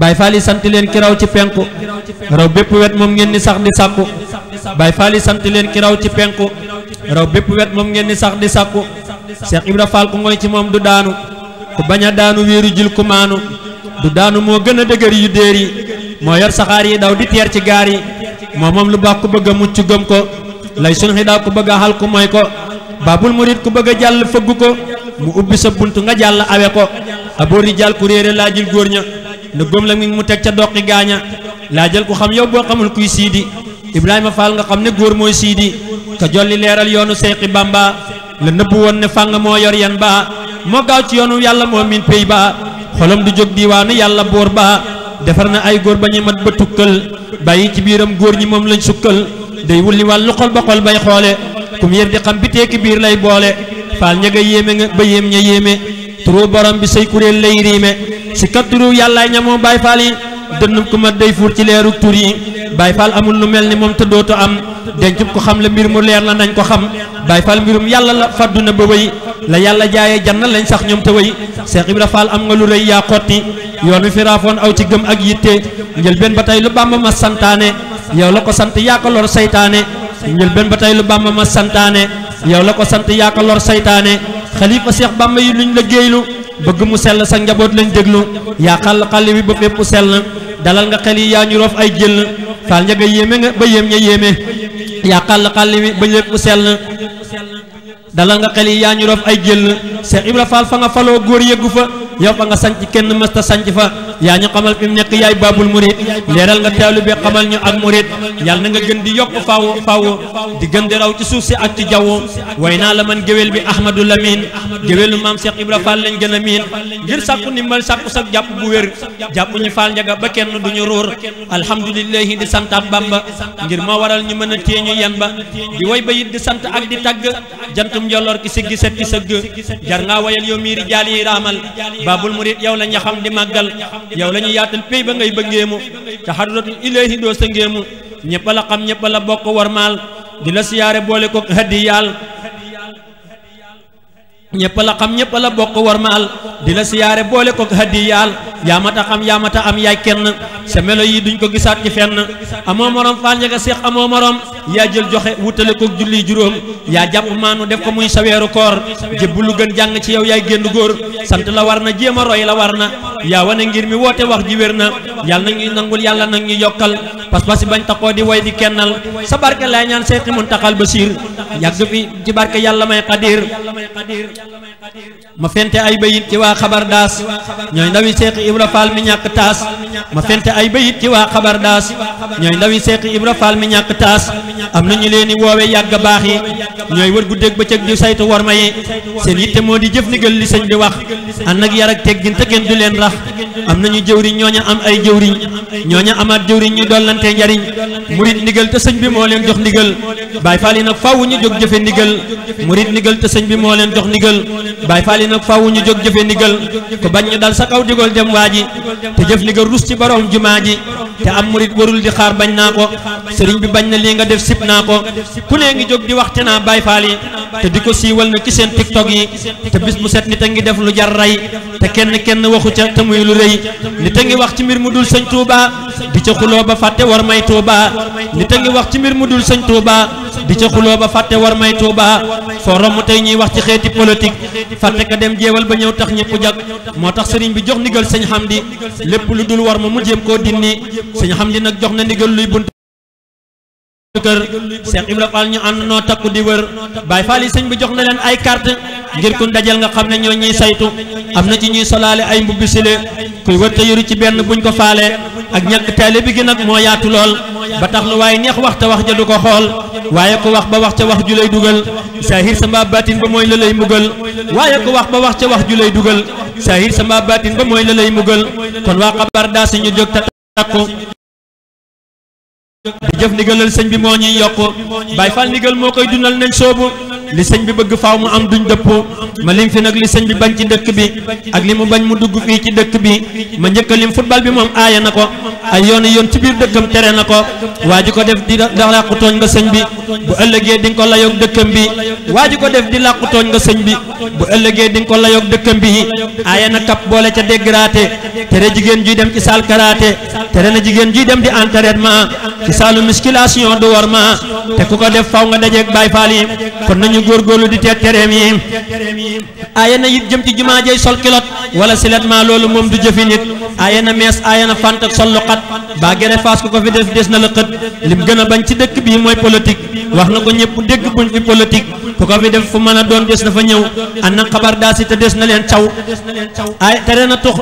Baay Faal yi sant leen ki raw ci penku raw bépp wet moom ngeen ni sax di sàkku Baay Faal yi sant leen ki ci penku raw bépp wet moom ngeen ni sax di sàkku Cheikh Ibra Fall ku ci moom du daanu ku bañ daanu wéeru jil ku maanu du daanu moo gën a dëgër yu déer yi moo yor saxaar yi daw di teer ci gaar yi moo moom lu baax ku bëgg mucc gëm ko lay sun xi daaw ku bëgg a xal ku mooy ko baabul murit ku bëgg jàll fëgg ko mu ubbi sa bunt nga jàll awe ko aboo rijaal ku réere laajil góor ña nda góom la mi mu teg ca doqi gaaña laajal ku xam yow boo xamul kuy siidi ibrahima faal nga xam ne góor mooy siidi ka jolli leeral yoonu seyqi bamba la nëbb woon ne fàng moo yor yan ba moo gaaw ci yoonu yàlla moo min pey ba xolam du jóg diiwaanu yàlla boor ba defar na ay góor ba ñu mat ba tukkal bàyyi ci biiram góor ñi moom lañ sukkal day wulli wàllu xol ba xol bay xoole kum yër xam bi teeki biir lay boole faal ña nga turu borom bi say kuréel lay riime si kat turu yàllaay ñamoo Baay Faal yi dënn ku ma day fuur ci leeru tur yi Baay Faal amul lu mel ni moom te dootu am dencub ko xam la mbir mu leer la nañ ko xam Baay Faal mbirum yàlla la faddu na ba wéy la yàlla jaayee janna lañ sax ñoom te wéy Seex Ibra Faal am nga lu rëy yaa xotti yoon wi fi raafoon aw ci gëm ak yitte njëlbeen ba tey lu Bàmba ma santaane yow la ko sant yaa ko lor saytaane njëlbeen ba tey lu ma santaane yow la ko sant yaa ko lor xalifa seex bàmba yi luñ liggéeylu bëgg mu sell sa njaboot lañ déglu yaa xàll xàll bi ba fépp sell dalal nga xel yi yaa ñu roof ay jël faal njaga yéeme nga ba yéem ña yéeme yaa xàll xàll bi ba lépp sell dalal nga xel yi yaa ñu roof ay jël seex ibra faal fa nga faloo góor yëggu fa yow fa nga sanc kenn mësta sanc fa yaa ñu xamal fi mu nekk yaay baabul murid leeral nga teelu bi xamal ñu ak murid yàlla na nga gën di yokk faw faw di gën di raw ci suuf si ak ci jaww way naa la man géwél bi ahmadou lamin géwélu maam Cheikh Ibra Fall lañ gën a miin ngir sàkku ndimbal sàkku sag jàpp bu wér jàpp ñu faal njaga ba kenn duñu ruur alhamdulilahi di santaat bamba ngir moo waral ñu mën a téye ñu yan ba di way ba yit di sant ak di tagg jantum njolloor ki siggi set ki sëgg jar ngaa wayal yow miiri jaal yi raamal baabul murid yow la ña xam di yow la ñuy yaatal pey ba ngay bëggee mu ca xadaratul ilaahi doo sa ngéemu ñëpp la xam ñëpp la bokk warmaal di la siyaare boole ko hadiyaal ñëpp la xam ñëpp la bokk war maal di la siyaare boole ko hadiyaal yaa mat a xam yaa mat a am yaay kenn sa melo yi duñ ko gisaat ci fenn amoo morom faal njega seex amoo morom yaa jël joxe wutale ko julli juróom yaa jàpp maanu def ko muy sa weeru koor jébbu lu gën jàng ci yow yaay génn góor sant la war na jéem a roy la war na yaa wane ngir mi woote wax ji wér na yàlla nañuy nangul yàlla nag ñu yokkal pas-pas yi bañ taxoo di way di kennal sa barke lay ñaan Seex Muntaxal Basiir yàgg fi ci barke yàlla may xadir ma fente ay bayit ci waa xabar daas ñooy ndawi Seex Ibra Faal mi ñàkk taas ma fente ay leen i woowe yàgg baax ñooy wër guddeeg bëccëg di saytu war yi seen yitte moo di jëf ndigal li sëñ wax ànd ak yar ak teggin kenn du leen rax am nañu jëwriñ ña am ay jëwriñ ñooña amaat jëwriñ ñu dollante njariñ murit ndigal te sëñ bi moo leen jox ndigal Baay Faal yi nag faaw ñu jóg jëfe ndigal murit ndigal te sëñ bi moo leen jox ndigal Baay Faal yi nag faaw ñu jóg jëfe ndigal ko bañ ñu dal sa kaw digol dem waa ji te jëf li nga rus ci borom jumaa ji te am murit warul di xaar bañ naa ko sëriñ bi bañ na lii nga def sib naa ko ku nee ngi jóg di waxte naa Baay Faal yi te di ko siiwal na ci seen tiktok yi te bis mu set nit a ngi def lu jar rey te kenn kenn waxu ca te muy lu rëy nit a ngi wax ci mbir di ca xuloo ba fàtte war may Touba nit a ngi wax ci mbir mu dul sëñ Touba di ca xuloo ba fàtte war may Touba forom mu tey ñuy wax ci xeeti politique fàtte ka dem jeewal ba ñëw tax ñëpp jag moo tax sëriñ bi jox ndigal sëñ Hamdi lépp lu dul war ma mu jéem koo dinni sëñ Hamdi nag jox na ndigal luy bunt kër Cheikh Ibra Fall ñu ànd noo takku di wër Baay Faal yi sëñ bi jox na leen ay carte ngir ku dajal nga xam ne ñoo ñuy saytu am na ci ñuy solaale ay mbubbi sile kuy wër te yoru ci benn buñ ko ak ñàkk taalibe gi nag moo yaatu lool ba tax lu waaye neex wax te wax ja du ko xool waaye ko wax ba wax ca wax ju lay dugal saahir sa mbaa baatin ba mooy la lay mbugal waaye ko wax ba wax ca wax ju lay dugal saahir sa mbaa baatin ba mooy la lay mbugal kon waa xabaar daa suñu jóg te takku di jëf ndigalal sëñ bi moo ñuy yokk Baay Faal ndigal moo koy dundal nañ soobu li sëñ bi bëgg faaw mu am duñ dëppoo ma lim fi nag li sëñ bi bañ ci dëkk bi ak li mu bañ mu dugg fii ci dëkk bi ma njëkk lim bi moom aaya na ko ay yoon yoon ci biir dëkkam tere na ko waa ji ko def di da làqu tooñ nga sëñ bi bu ëllëgee di nga ko layoog dëkkam bi waa ji ko def di làqu tooñ nga sëñ bi bu ëllëgee di nga ko layoog dëkkam bi aaya na kap boole ca dégraate tere jigéen juy dem ci salle karaté tere na jigéen juy dem di entraînement ci salle musculation du war ma te ku ko def faw nga dajeeg Baay Faal yi kon nañu góorgóorlu di teet tereem yi aaya na it jëm ci jumaa jey sol kilot wala silet baa gene faas ku ko fi def des na la xët lim gën a bañ ci dëkk bii mooy politique wax na ko ñëpp dégg buñ fi politique ku ko fi def fu mën a doon des dafa ñëw an na xabar daa si te des na leen caw ay tere na tux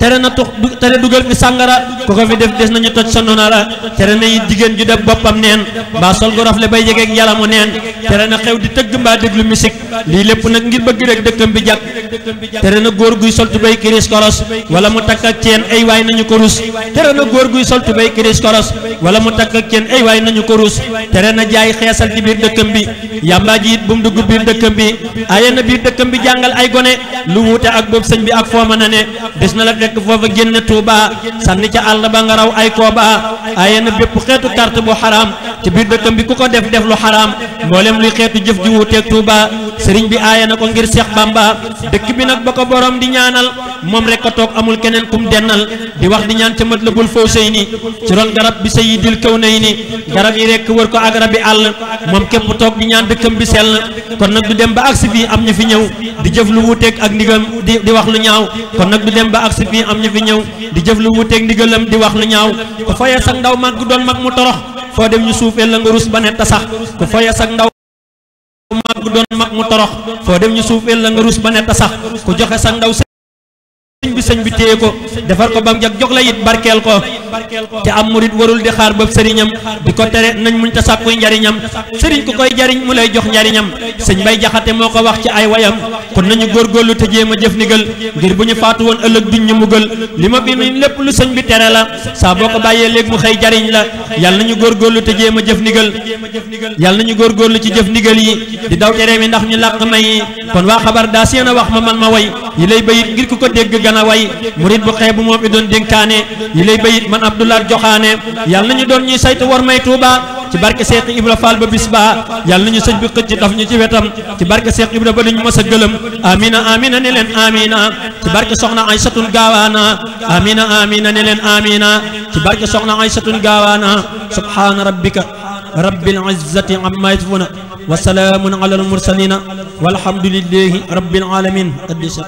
tere na tux tere dugal fi sàngara ku ko fi def des nañu toj sa noona la tere na it jigéen ju def boppam neen mbaa sol gu rafle bay jegeeg yalamu neen tere na xew di tëgg mbaa déglu misik lii lépp nag ngir bëgg rek dëkkam bi jàkk tere na góor guy sol tubéy kiris koros wala mu takk ak ceen ay waay nañu ko rus tere na góor guy sol tubéy kiris koros wala mu takk ak ceen ay waay ko na jaay xeesal ci biir dëkkam bi it bu mu dugg biir dëkkam bi aye na biir dëkkam bi jàngal ay gone lu wuute ak boobu sëñ bi ak foo mën a ne des na la fekk foofa génn Touba sànni ca àll ba nga raw ay kooba aye na bépp xeetu carte bu xaraam ci biir dëkkam bi ku ko def def lu xaraam mboolem luy xeetu jëf ji wuuteeg Touba sëriñ bi aye na ko ngir Seex Bamba dëkk bi nag ba ko borom di ñaanal moom rek a toog amul keneen kum dennal di wax di ñaan ca Matlabul Fawzayni ci ron garab bi sayyidil nii garab yi rek wër ko ak rabi àll moom képp toog di ñaan dëkkam bi sell kon nag du dem ba agsi fii am ñu fi ñëw di jëf lu wuuteeg ak ndigam di di wax lu ñaaw nag du dem ba agsi fii am ñu fi ñëw di jëf lu wuuteeg ndigalam di wax lu ñaaw ku foye sag ndaw mag doon mag mu torox foo dem ñu suufee la nga rus ba netta sax ku foye sag ndaw mag doon mag mu torox foo dem ñu suufee la nga rus ba netta sax ku joxe sag ndaw sëñ bi sëñ bi téye ko defar ko bam jag jox la it barkeel ko te am murit warul di xaar ba sëriñam di ko tere nañ muñ ta sàkkuy njariñam sëriñ ku koy jariñ mu lay jox njariñam sëñ bay jaxate moo ko wax ci ay wayam kon nañu góorgóorlu te jéem a jëf ndigal ngir bu ñu faatu woon ëllëg duñ ñu mugal li ma bi nuñ lépp lu sëñ bi tere la saa boo ko bàyyee léegi mu xëy jariñ la yàlla nañu góorgóorlu te jéem a jëf ndigal yàlla nañu góorgóorlu ci jëf ndigal yi di daw tere mi ndax ñu làq may yi kon waa xabar daa seen a wax ma man ma way yi lay bayit ngir ku ko dégg gana way murit bu xeebu moom i doon dénkaane yi lay bayit man abdoulaat joxaane yàlla nañu doon ñuy saytu war may tuuba ci barke Seex Faal ba bis ba yàlla nañu sëñ bi xëcc daf ñu ci wetam ci barke Seex Ibra ba duñu mës a gëlëm amina amina ne amina ci barke soxna Aysatun Gaawaana Gaawaana subhaana rabbika rabbil izzati amma